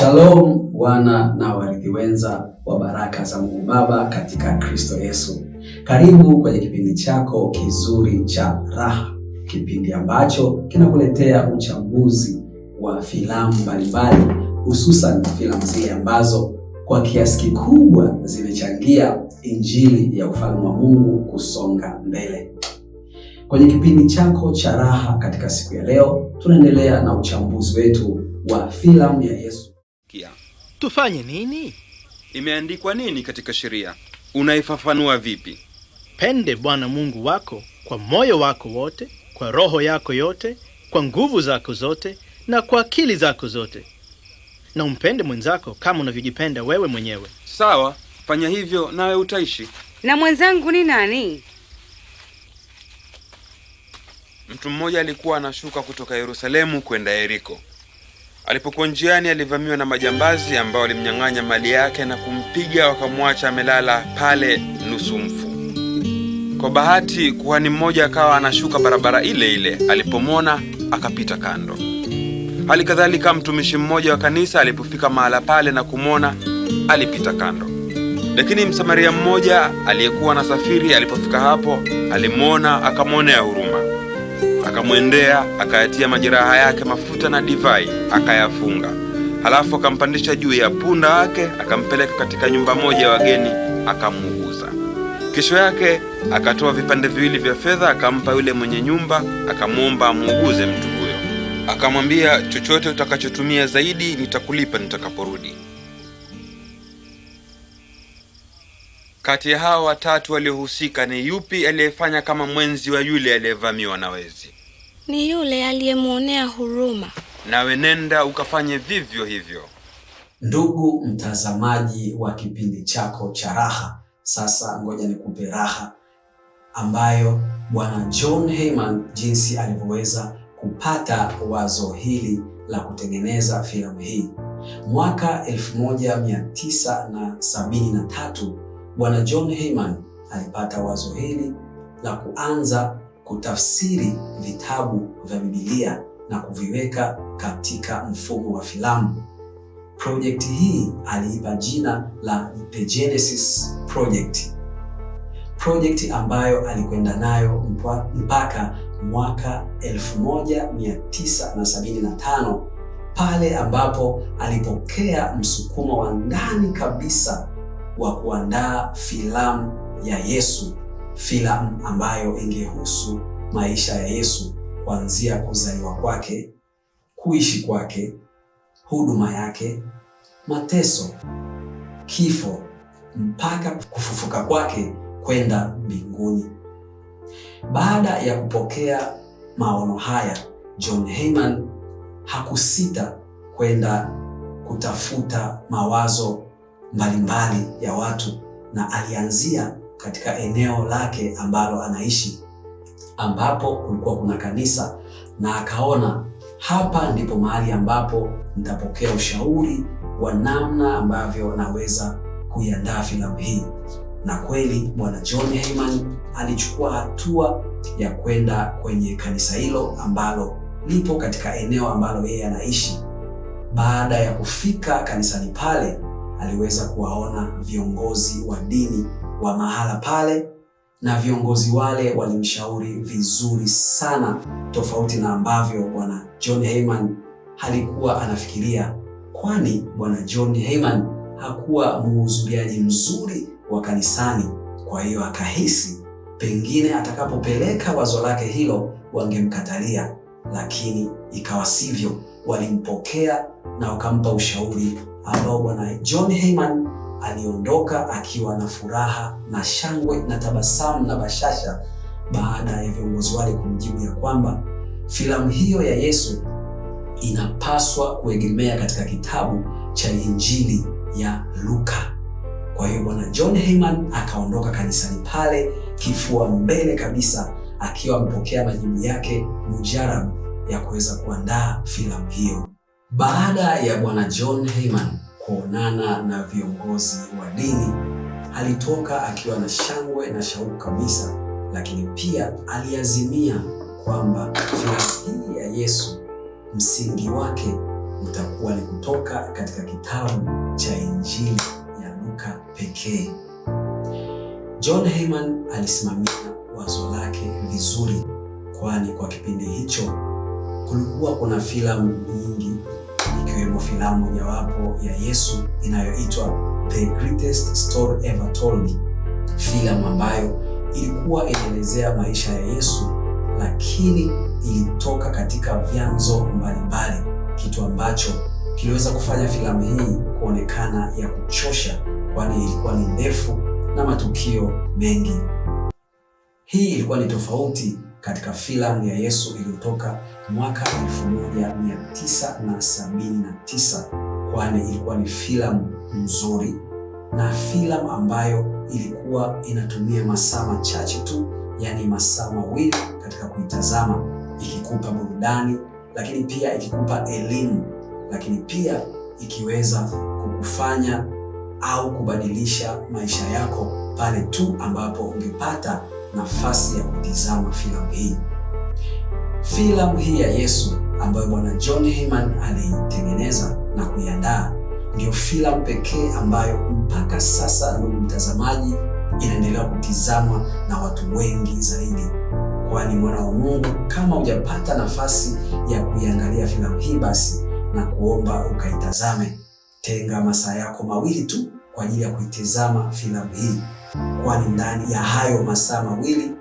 Shalom wana na warithi wenza wa baraka za Mungu Baba katika Kristo Yesu. Karibu kwenye kipindi chako kizuri cha Raha, kipindi ambacho kinakuletea uchambuzi wa filamu mbalimbali, hususan filamu zile ambazo kwa kiasi kikubwa zimechangia injili ya ufalme wa Mungu kusonga mbele. Kwenye kipindi chako cha Raha katika siku ya leo, tunaendelea na uchambuzi wetu wa filamu ya Yesu Tufanye nini? Imeandikwa nini katika sheria? Unaifafanua vipi? Pende Bwana Mungu wako kwa moyo wako wote, kwa roho yako yote, kwa nguvu zako zote na kwa akili zako zote, na umpende mwenzako kama unavyojipenda wewe mwenyewe. Sawa, fanya hivyo nawe utaishi. Na mwenzangu ni nani? Mtu mmoja alikuwa anashuka kutoka Yerusalemu kwenda Yeriko. Alipokuwa njiani, alivamiwa na majambazi ambao walimnyang'anya mali yake na kumpiga, wakamwacha amelala pale nusu mfu. Kwa bahati, kuhani mmoja akawa anashuka barabara ile ile, alipomwona akapita kando. Hali kadhalika mtumishi mmoja wa kanisa alipofika mahala pale na kumwona alipita kando. Lakini msamaria mmoja aliyekuwa na safiri alipofika hapo alimwona, akamwonea huruma akamwendea akayatia majeraha yake mafuta na divai, akayafunga. Halafu akampandisha juu ya punda wake, akampeleka katika nyumba moja ya wageni, akamuuguza. Kesho yake akatoa vipande viwili vya fedha, akampa yule mwenye nyumba, akamwomba amuuguze mtu huyo. Akamwambia, chochote utakachotumia zaidi nitakulipa nitakaporudi. Kati ya hao watatu waliohusika ni yupi aliyefanya kama mwenzi wa yule aliyevamiwa na wezi? ni yule aliyemwonea huruma, nawe nenda ukafanye vivyo hivyo. Ndugu mtazamaji wa kipindi chako cha Raha, sasa ngoja nikupe raha ambayo Bwana John Heyman, jinsi alivyoweza kupata wazo hili la kutengeneza filamu hii mwaka 1973. Bwana John Heyman alipata wazo hili la kuanza kutafsiri vitabu vya Biblia na kuviweka katika mfumo wa filamu. Projekti hii aliipa jina la The Genesis Project, projekti ambayo alikwenda nayo mpaka mwaka 1975 pale ambapo alipokea msukumo wa ndani kabisa wa kuandaa filamu ya Yesu filamu ambayo ingehusu maisha ya Yesu kuanzia kuzaliwa kwake, kuishi kwake, huduma yake, mateso, kifo mpaka kufufuka kwake kwenda mbinguni. Baada ya kupokea maono haya, John Heyman hakusita kwenda kutafuta mawazo mbalimbali ya watu na alianzia katika eneo lake ambalo anaishi, ambapo kulikuwa kuna kanisa, na akaona hapa ndipo mahali ambapo nitapokea ushauri wa namna ambavyo naweza kuiandaa filamu hii. Na kweli bwana John Heyman alichukua hatua ya kwenda kwenye kanisa hilo ambalo lipo katika eneo ambalo yeye anaishi. Baada ya kufika kanisani pale, aliweza kuwaona viongozi wa dini wa mahala pale, na viongozi wale walimshauri vizuri sana, tofauti na ambavyo bwana John Heyman alikuwa anafikiria, kwani bwana John Heyman hakuwa muhudhuriaji mzuri wa kanisani. Kwa hiyo akahisi pengine atakapopeleka wazo lake hilo wangemkatalia, lakini ikawa sivyo, walimpokea na wakampa ushauri ambao bwana John Heyman aliondoka akiwa na furaha na shangwe na tabasamu na bashasha baada ya viongozi wale kumjibu ya kwamba filamu hiyo ya Yesu inapaswa kuegemea katika kitabu cha Injili ya Luka. Kwa hiyo Bwana John Heyman akaondoka kanisani pale kifua mbele kabisa, akiwa amepokea majibu yake mujarabu ya kuweza kuandaa filamu hiyo. Baada ya Bwana John Heyman kuonana na viongozi wa dini. Alitoka akiwa na shangwe na shauku kabisa, lakini pia aliazimia kwamba filamu ya Yesu msingi wake utakuwa ni kutoka katika kitabu cha Injili ya Luka pekee. John Heyman alisimamia wazo lake vizuri, kwani kwa kipindi hicho kulikuwa kuna filamu nyingi filamu mojawapo ya Yesu inayoitwa The Greatest Story Ever Told, filamu ambayo ilikuwa inaelezea maisha ya Yesu, lakini ilitoka katika vyanzo mbalimbali, kitu ambacho kiliweza kufanya filamu hii kuonekana ya kuchosha, kwani ilikuwa ni ndefu na matukio mengi. Hii ilikuwa ni tofauti katika filamu ya Yesu iliyotoka mwaka 1979 kwani ilikuwa ni filamu nzuri na filamu ambayo ilikuwa inatumia masaa machache tu, yaani masaa mawili katika kuitazama, ikikupa burudani, lakini pia ikikupa elimu, lakini pia ikiweza kukufanya au kubadilisha maisha yako pale tu ambapo ungepata nafasi ya kutizama filamu hii, filamu hii ya Yesu ambayo Bwana John Heyman aliitengeneza na kuiandaa. ndio filamu pekee ambayo mpaka sasa, ndugu mtazamaji, inaendelea kutizamwa na watu wengi zaidi, kwani mwana wa Mungu, kama hujapata nafasi ya kuiangalia filamu hii, basi na kuomba ukaitazame. Tenga masaa yako mawili tu kwa ajili ya kuitizama filamu hii kwani ndani ya hayo masaa mawili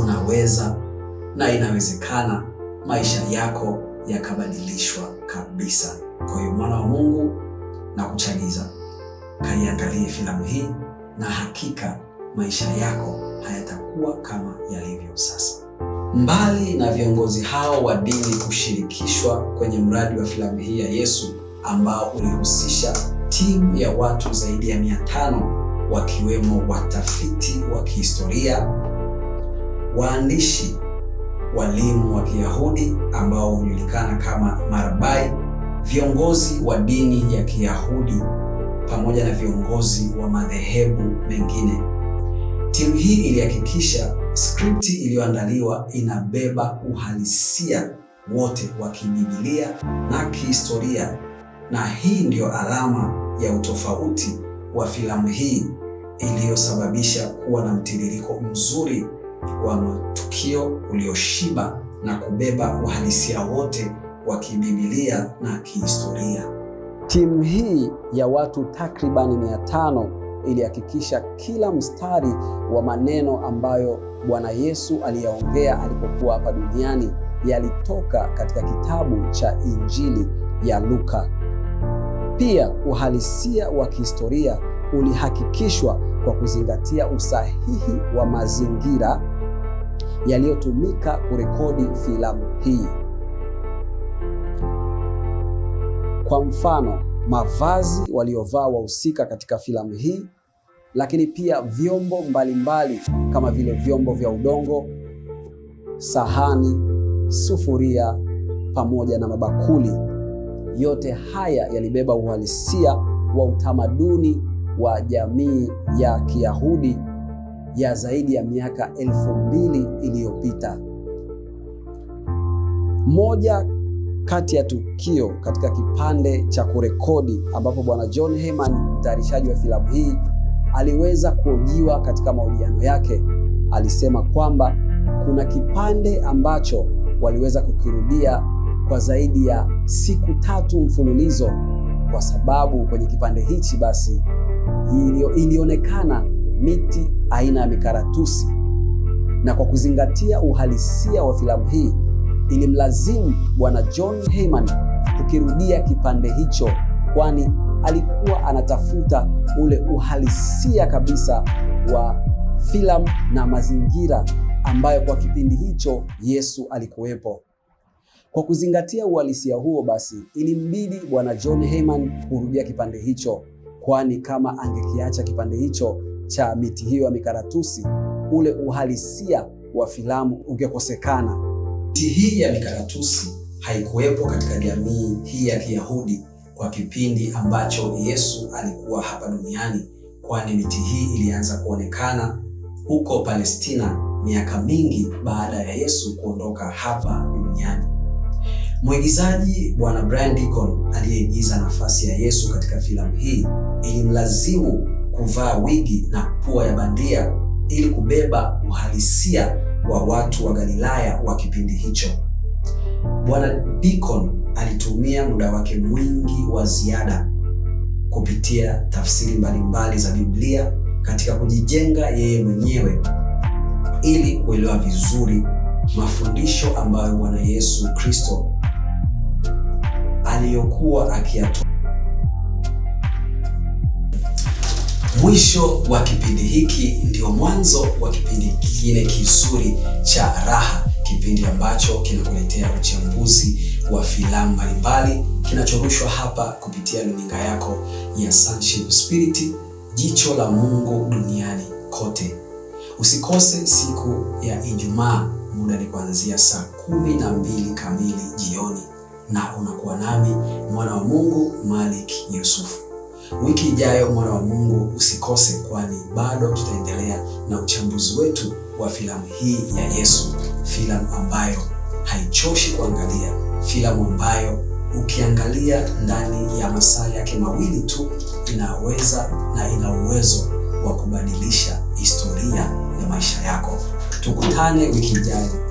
unaweza na inawezekana maisha yako yakabadilishwa kabisa. Kwa hiyo mwana wa Mungu, na kuchagiza kaiangalie filamu hii, na hakika maisha yako hayatakuwa kama yalivyo sasa. Mbali na viongozi hao wa dini kushirikishwa kwenye mradi wa filamu hii ya Yesu ambao ulihusisha timu ya watu zaidi ya mia tano wakiwemo watafiti wa kihistoria, waandishi, walimu wa Kiyahudi ambao hujulikana kama marabai, viongozi wa dini ya Kiyahudi pamoja na viongozi wa madhehebu mengine. Timu hii ilihakikisha skripti iliyoandaliwa inabeba uhalisia wote wa kibibilia na kihistoria, na hii ndiyo alama ya utofauti wa filamu hii iliyosababisha kuwa na mtiririko mzuri wa matukio ulioshiba na kubeba uhalisia wote wa kibibilia na kihistoria. Timu hii ya watu takribani mia tano ilihakikisha kila mstari wa maneno ambayo Bwana Yesu aliyaongea alipokuwa hapa duniani yalitoka katika kitabu cha Injili ya Luka. Pia uhalisia wa kihistoria ulihakikishwa kwa kuzingatia usahihi wa mazingira yaliyotumika kurekodi filamu hii. Kwa mfano, mavazi waliovaa wahusika katika filamu hii, lakini pia vyombo mbalimbali mbali kama vile vyombo vya udongo, sahani, sufuria pamoja na mabakuli. Yote haya yalibeba uhalisia wa utamaduni wa jamii ya Kiyahudi ya zaidi ya miaka elfu mbili iliyopita. Moja kati ya tukio katika kipande cha kurekodi ambapo bwana John Heyman, mtayarishaji wa filamu hii, aliweza kuojiwa katika mahojiano yake, alisema kwamba kuna kipande ambacho waliweza kukirudia kwa zaidi ya siku tatu mfululizo, kwa sababu kwenye kipande hichi basi ilionekana miti aina ya mikaratusi, na kwa kuzingatia uhalisia wa filamu hii ilimlazimu bwana John Heyman kukirudia kipande hicho, kwani alikuwa anatafuta ule uhalisia kabisa wa filamu na mazingira ambayo kwa kipindi hicho Yesu alikuwepo. Kwa kuzingatia uhalisia huo, basi ilimbidi bwana John Heman kurudia kipande hicho, kwani kama angekiacha kipande hicho cha miti hiyo ya mikaratusi, ule uhalisia wa filamu ungekosekana. Miti hii ya mikaratusi haikuwepo katika jamii hii ya Kiyahudi kwa kipindi ambacho Yesu alikuwa hapa duniani, kwani miti hii ilianza kuonekana huko Palestina miaka mingi baada ya Yesu kuondoka hapa duniani. Mwigizaji Bwana Brian Deacon aliyeigiza nafasi ya Yesu katika filamu hii ilimlazimu kuvaa wigi na pua ya bandia ili kubeba uhalisia wa watu wa Galilaya wa kipindi hicho. Bwana Deacon alitumia muda wake mwingi wa ziada kupitia tafsiri mbalimbali za Biblia katika kujijenga yeye mwenyewe ili kuelewa vizuri mafundisho ambayo Bwana Yesu Kristo aliyokuwa akiyatoa. Mwisho wa kipindi hiki ndio mwanzo wa kipindi kingine kizuri cha Raha, kipindi ambacho kinakuletea uchambuzi wa filamu mbalimbali kinachorushwa hapa kupitia luninga yako ya Sonship Spirit, jicho la Mungu duniani kote. Usikose siku ya Ijumaa, muda ni kuanzia saa kumi na mbili kamili jioni na unakuwa nami mwana wa Mungu Malik Yusufu. Wiki ijayo mwana wa Mungu usikose, kwani bado tutaendelea na uchambuzi wetu wa filamu hii ya Yesu, filamu ambayo haichoshi kuangalia, filamu ambayo ukiangalia ndani ya masaa yake mawili tu inaweza na ina uwezo wa kubadilisha historia ya maisha yako. Tukutane wiki ijayo.